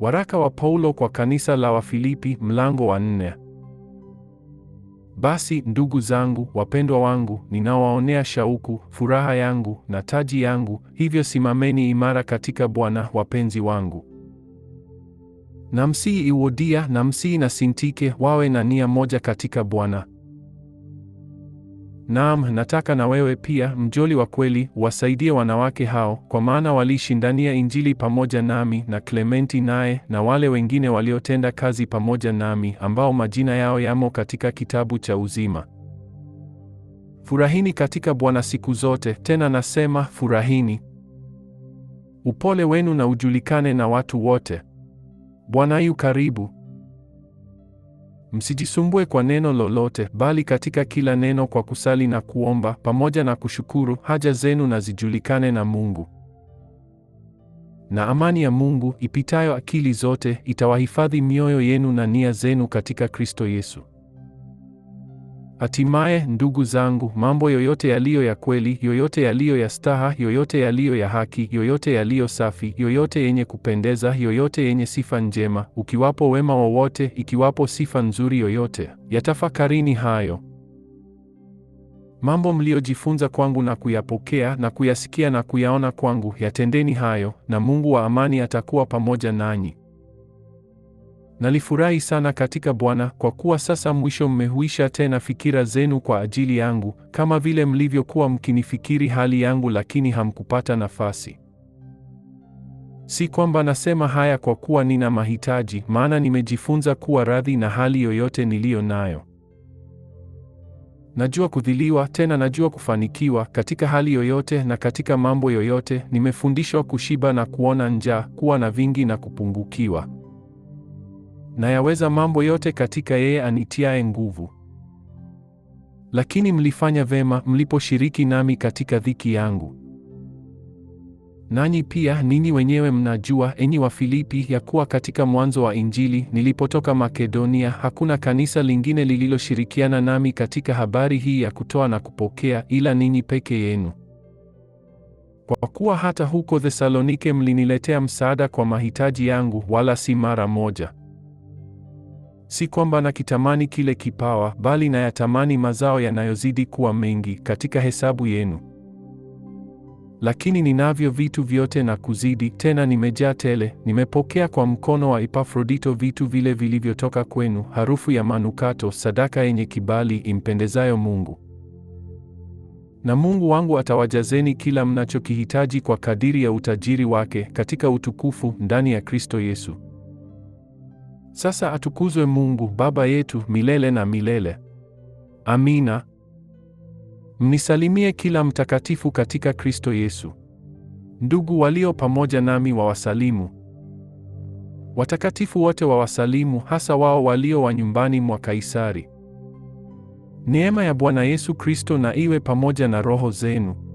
Waraka wa Paulo kwa kanisa la Wafilipi mlango wa nne. Basi ndugu zangu wapendwa wangu, ninawaonea shauku, furaha yangu na taji yangu, hivyo simameni imara katika Bwana, wapenzi wangu. Namsihi iwodia namsihi na Sintike wawe na nia moja katika Bwana. Naam, nataka na wewe pia, mjoli wa kweli, wasaidie wanawake hao, kwa maana walishindania Injili pamoja nami na Klementi naye na wale wengine waliotenda kazi pamoja nami, ambao majina yao yamo katika kitabu cha uzima. Furahini katika Bwana siku zote, tena nasema furahini. Upole wenu na ujulikane na watu wote. Bwana yu karibu. Msijisumbue kwa neno lolote, bali katika kila neno kwa kusali na kuomba pamoja na kushukuru, haja zenu na zijulikane na Mungu. Na amani ya Mungu, ipitayo akili zote, itawahifadhi mioyo yenu na nia zenu katika Kristo Yesu. Hatimaye ndugu zangu, mambo yoyote yaliyo ya kweli, yoyote yaliyo ya staha, yoyote yaliyo ya haki, yoyote yaliyo safi, yoyote yenye kupendeza, yoyote yenye sifa njema, ukiwapo wema wowote, ikiwapo sifa nzuri yoyote, yatafakarini hayo mambo mliyojifunza kwangu na kuyapokea na kuyasikia na kuyaona kwangu, yatendeni hayo, na Mungu wa amani atakuwa pamoja nanyi. Nalifurahi sana katika Bwana kwa kuwa sasa mwisho mmehuisha tena fikira zenu kwa ajili yangu, kama vile mlivyokuwa mkinifikiri hali yangu, lakini hamkupata nafasi. Si kwamba nasema haya kwa kuwa nina mahitaji, maana nimejifunza kuwa radhi na hali yoyote niliyo nayo. Najua kudhiliwa, tena najua kufanikiwa katika hali yoyote na katika mambo yoyote. Nimefundishwa kushiba na kuona njaa, kuwa na vingi na kupungukiwa nayaweza mambo yote katika yeye anitiaye nguvu. Lakini mlifanya vema mliposhiriki nami katika dhiki yangu. Nanyi pia ninyi wenyewe mnajua, enyi Wafilipi, ya kuwa katika mwanzo wa Injili nilipotoka Makedonia, hakuna kanisa lingine lililoshirikiana nami katika habari hii ya kutoa na kupokea, ila ninyi peke yenu. Kwa kuwa hata huko Thesalonike mliniletea msaada kwa mahitaji yangu, wala si mara moja. Si kwamba nakitamani kile kipawa, bali nayatamani mazao yanayozidi kuwa mengi katika hesabu yenu. Lakini ninavyo vitu vyote na kuzidi, tena nimejaa tele. Nimepokea kwa mkono wa Epafrodito vitu vile vilivyotoka kwenu, harufu ya manukato, sadaka yenye kibali, impendezayo Mungu. Na Mungu wangu atawajazeni kila mnachokihitaji kwa kadiri ya utajiri wake katika utukufu ndani ya Kristo Yesu. Sasa atukuzwe Mungu Baba yetu milele na milele. Amina. Mnisalimie kila mtakatifu katika Kristo Yesu. Ndugu walio pamoja nami wawasalimu. Watakatifu wote wawasalimu, hasa wao walio wa nyumbani mwa Kaisari. Neema ya Bwana Yesu Kristo na iwe pamoja na roho zenu.